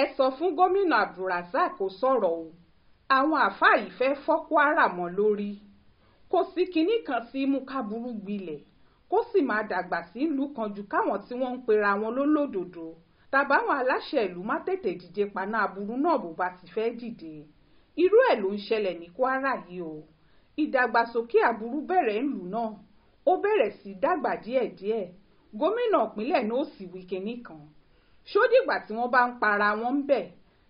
ẹ sọ fún gómìnà abdulrasaq kó sọ̀rọ̀ o àwọn àáfàá yìí fẹ́ fọ́ kwara mọ́ lórí kò sí kinní kan tí mú káburú gbilẹ̀ kó sì máa dàgbà sí ìlú kan ju káwọn tí wọ́n ń pera wọn lólódòdó tàbáwọn aláṣẹ ìlú má tètè dìde paná aburú náà bó bá ti fẹ́ dìde irú ẹ̀ ló ń ṣẹlẹ̀ ní kwara yìí o ìdàgbàsókè aburú bẹ̀rẹ̀ ńlù náà ó bẹ̀rẹ̀ sí dàgbà díẹ̀díẹ̀ gómìnà ìpínlẹ̀ náà sì wí kinní kan ṣó dìgbà tí wọ́n bá ń para wọn ń bẹ̀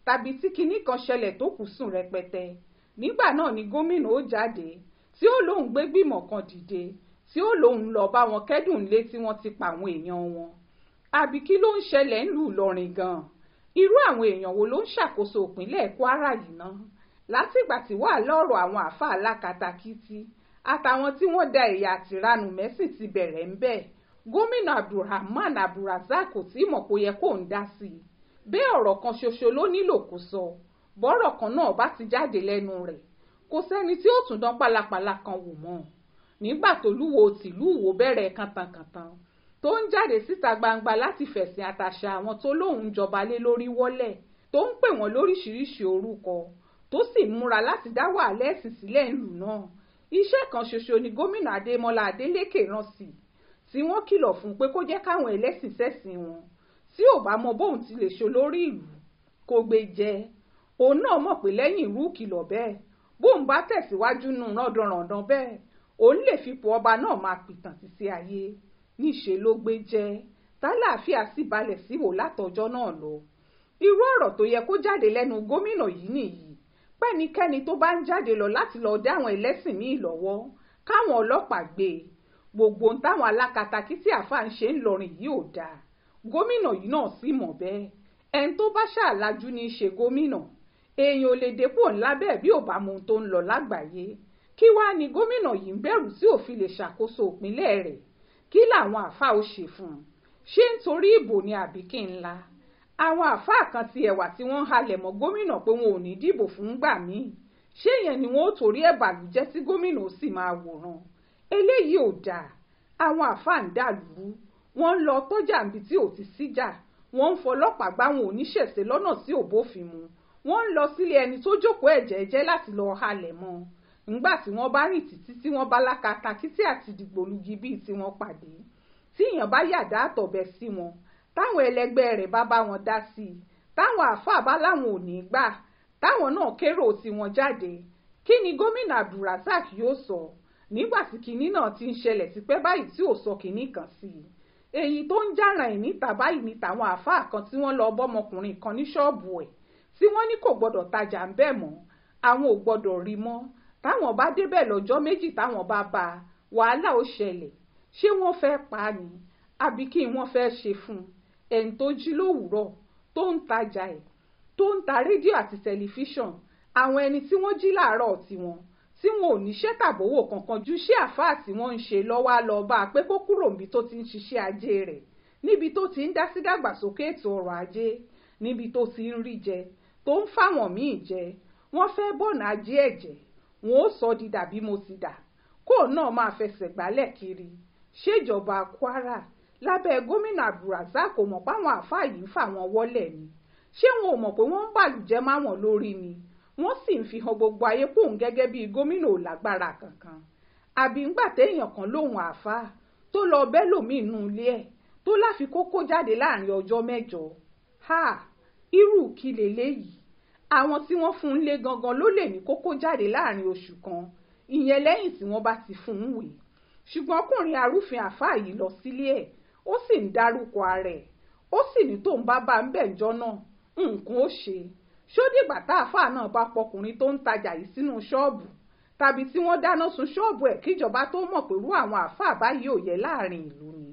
tàbí tí kinní kan ṣẹlẹ̀ tó kù sùn rẹpẹtẹ nígbà náà ni gómìnà ó jáde tí ó lóun gbé gbìmọ̀ kan dìde tí ó lóun lọ bá wọn kẹ́dùn lé tí wọ́n ti pa àwọn èèyàn wọn àbí kí ló ń ṣẹlẹ̀ ńlú Ìlọrin gan-an irú àwọn èèyàn wo ló ń ṣàkóso ìpínlẹ̀ Kwara yìí ná látìgbà tí wàhálà ọ̀rọ̀ àwọn àáfàá alákatakítí àtàwọn tí wọ́n da ẹ̀yà àtìránù mẹ́sìn ti bẹ̀rẹ̀ ń bẹ́ẹ̀ gómìnà abdulrahman abdulrasaq kò tí mọ̀ kó yẹ kóun dá sí i bẹ́ẹ̀ ọ̀rọ̀ kan ṣoṣo ló nílò kó sọ bọ́rọ̀ kan náà bá ti jáde lẹ́nu rẹ̀ kò sẹ́ni tí ó tún dán pálapàla kan wò mọ́ nígbà tólúwo tìlú Ìwó bẹ̀rẹ̀ kàntankàntan tó ń jáde síta gbangba láti fẹ̀sìn àtàṣà àwọn tó lóun jọba lé lórí wọ́lẹ̀ tó ń pè wọ́n lóríṣiríṣi orúkọ tó sì múra láti dá wàhálà ẹ̀sìn sílẹ̀ ìlú náà iṣẹ́ kan ṣoṣo ni gómìnà Adémọ́lá Adélékè rán sí i tí wọ́n kìlọ̀ fún pé kó jẹ́ káwọn ẹlẹ́sìn ṣẹ̀sìn wọn tí ò bá mọ bóun ti lè ṣolórí ìlú kó gbé jẹ òun náà mọ̀ pé lẹ́yìn irú ìkìlọ̀ bẹ́ẹ̀ bóun bá tẹ̀síwájú nù rándanrandan bẹ́ẹ̀ òun lè fipò ọba náà máa pìtàn títí ayé níṣe ló gbé jẹ tálàáfíà sì balẹ̀ síwò látọjọ́ náà lọ irú ọ̀rọ̀ tó yẹ kó jáde lẹ́nu gómìnà yìí nìyí pẹ́nikẹ́ni tó bá ń jáde lọ láti lọ dá ẹlẹ́sìn míì lọ́wọ́ káwọn ọlọ́pàá gbé e gbogbo táwọn alákatakítí àáfàá ń ṣe ń lọrin yìí ò dáa gómìnà yìí náà sì mọ̀ bẹ́ẹ̀ ẹni tó bá ṣàlájú ní í ṣe gómìnà èèyàn ò lè dépò ńlá bẹ́ẹ̀ bí ò bá mọ tó ń lọ lágbàáyé kí wàá ní gómìnà yìí ń bẹ̀rù tí òfin lè ṣàkóso ìpínlẹ̀ rẹ̀ kí làwọn àáfàá ò ṣe fún un ṣé nítorí ìbò ni àbí kí n la àwọn àáfàá kan ti ẹ̀wà tí wọ́n ń halẹ̀ mọ́ gómìnà pé wọn ò ní dìbò fún gbà míì ṣé yẹn ni wọn ò torí ẹ̀ bàlújẹ́ tí gómìnà ó sì máa wòran eléyìí ò dáa àwọn àfáà ń dà lùú wọ́n ń lọ tọ́jà níbi tí ò ti síjà wọ́n ń fọlọ́pàá gbá wọn oníṣẹ̀ṣe lọ́nà tí ò bófin mu wọ́n ń lọ sílé ẹni tó jókòó ẹ̀jẹ̀ẹ̀jẹ́ láti lọ halẹ̀ mọ́ ńgbà tí wọ́n bá rìn títí tí wọ́n bá láka takítí àti dìgbòlugi bíi tí wọ́n pàdé tí èèyàn bá yàdá àtọ̀bẹ sí wọn táwọn ẹlẹgbẹ́ rẹ̀ bá bá wọn dá sí i táwọn àáfàá bá láwọn ò ní gbà táwọn náà kérò tiwọn jáde kí ni gómìnà abdulrasaq yóò sọ so nígbà tí kinní náà ti ń ṣẹlẹ̀ tipẹ́ báyìí tí ò sọ kinní kan sí i èyí tó ń jára ẹ̀ níta báyìí ni tàwọn àáfàá kan tí wọ́n lọ bọ́mọkùnrin kan ní ṣọ́ọ̀bù ẹ̀ tí wọ́n ní kò gbọ́dọ̀ tajà ń bẹ̀ mọ́ àwọn ò gbọ́dọ̀ rí mọ́ táwọn bá débẹ̀ lọ́jọ́ méjì táwọn bá bá a wàhálà ó ṣẹlẹ̀ ṣé wọ́n fẹ́ pa á ni àbí kí wọ́n fẹ́ ṣe fún un ẹni tó jí lówùúrọ̀ tó ń tajà ẹ̀ tó ń ta rédíò àti tẹlifíṣàn àwọn ẹni tí wọ́n jí láàárọ̀ tiwọn tí wọn ò níṣẹ́ tàbówò kankan ju iṣẹ́ àfáà tí wọ́n ń ṣe lọ́wọ́ á lọ bá a pé kó kúrò níbi tó ti ń ṣiṣẹ́ ajé rẹ̀ níbi tó ti ń dá sí dàgbàsókè ètò ọrọ̀ ajé níbi tó ti ń rí jẹ tó ń fáwọn míì jẹ wọ́n fẹ́ bọ̀nà ajé ẹ̀jẹ̀ wọn ó sọ di dàbí mo ti dà kóò náà máa fẹsẹ̀ gbálẹ̀ kiri ṣèjọba Kwara lábẹ́ gómìnà Abdulrasaq mọ̀ páwọn àáfàá yìí fà wọ́n wọ́lẹ̀ ni ṣé wọn ò mọ̀ pé wọ́n ń bàlùjẹ́ máwọn lórí ni wọ́n sì ń fi hàn gbogbo ayé pòun gẹ́gẹ́ bíi gómìnà ò lágbára kankan àbí ńgbà téèyàn kan lòun àáfàá tó lọ bẹ́ẹ̀ lòmíì nù ilé ẹ̀ tó láfi kókó jáde láàrin ọjọ́ mẹ́jọ ha irú kí leléyìí àwọn tí wọ́n fún un lé gangan ló lè ní kókó jáde láàrin oṣù kan ìyẹn lẹ́yìn tí wọ́n bá ti fún un wèé ṣùgbọ́n ọkùnrin arúfin àáfàá yìí lọ sílé ẹ̀ ó sì ń dárúkọ ara ẹ̀ ó sì ní tóun bá bá ń bẹ̀ jọ náà nǹkan ó ṣe ṣó dìgbà tá àáfàá náà bá pọkùnrin tó ń tajà yìí sínú ṣọ́ọ̀bù tàbí tí wọ́n dáná sun ṣọ́ọ̀bù ẹ̀ kíjọba tó mọ̀ pẹ̀lú àwọn àáfàá báyìí ò yẹ láàrin ìlú ni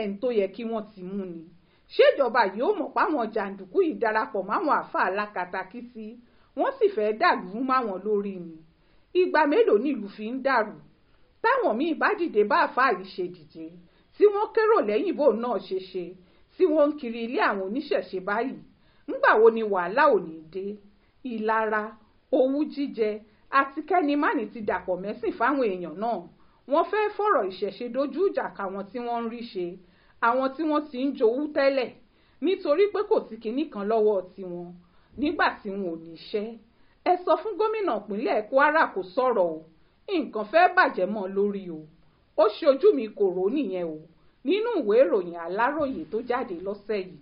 ẹni tó yẹ kí wọ́n ti mú ni ṣèjọba yìí ó mọ̀ páwọn jàǹdùkú yìí darapọ̀ máwọn àáfàá alákatakítí wọ́n sì fẹ́ dàlú máwọn lórí ni ìgbà mélòó nílùú fi ń dàrú táwọn míì bá dìde bá àáfàá yìí ṣe dìde tí wọ́n kérò lẹ́yìn náà ṣe tí wọ́n ń kiri ilé àwọn oníṣẹ̀ṣe báyìí ńgbà wo ni wàhálà ò ní dé ìlara owú jíjẹ àti kẹ́nimánì ti dàpọ̀ mẹ́sìn fáwọn èèyàn náà wọ́n fẹ́ fọ̀rọ̀ ìṣẹ̀ṣe dojú ìjà káwọn tí wọ́n ń rí ṣe àwọn tí wọ́n ti ń jowú tẹ́lẹ̀ nítorí pé kò sí kinní kan lọ́wọ́ tiwọn nígbà tí wọn ò níṣẹ́ ẹ sọ fún gómìnà ìpínlẹ̀ Kwara kó sọ̀rọ̀ o nǹkan fẹ́ bàjẹ́ mọ́ lórí o ó ṣojú mi kò rò nìyẹn o nínú ìwé ìròyìn Aláròyé tó jáde lọ́sẹ̀ yìí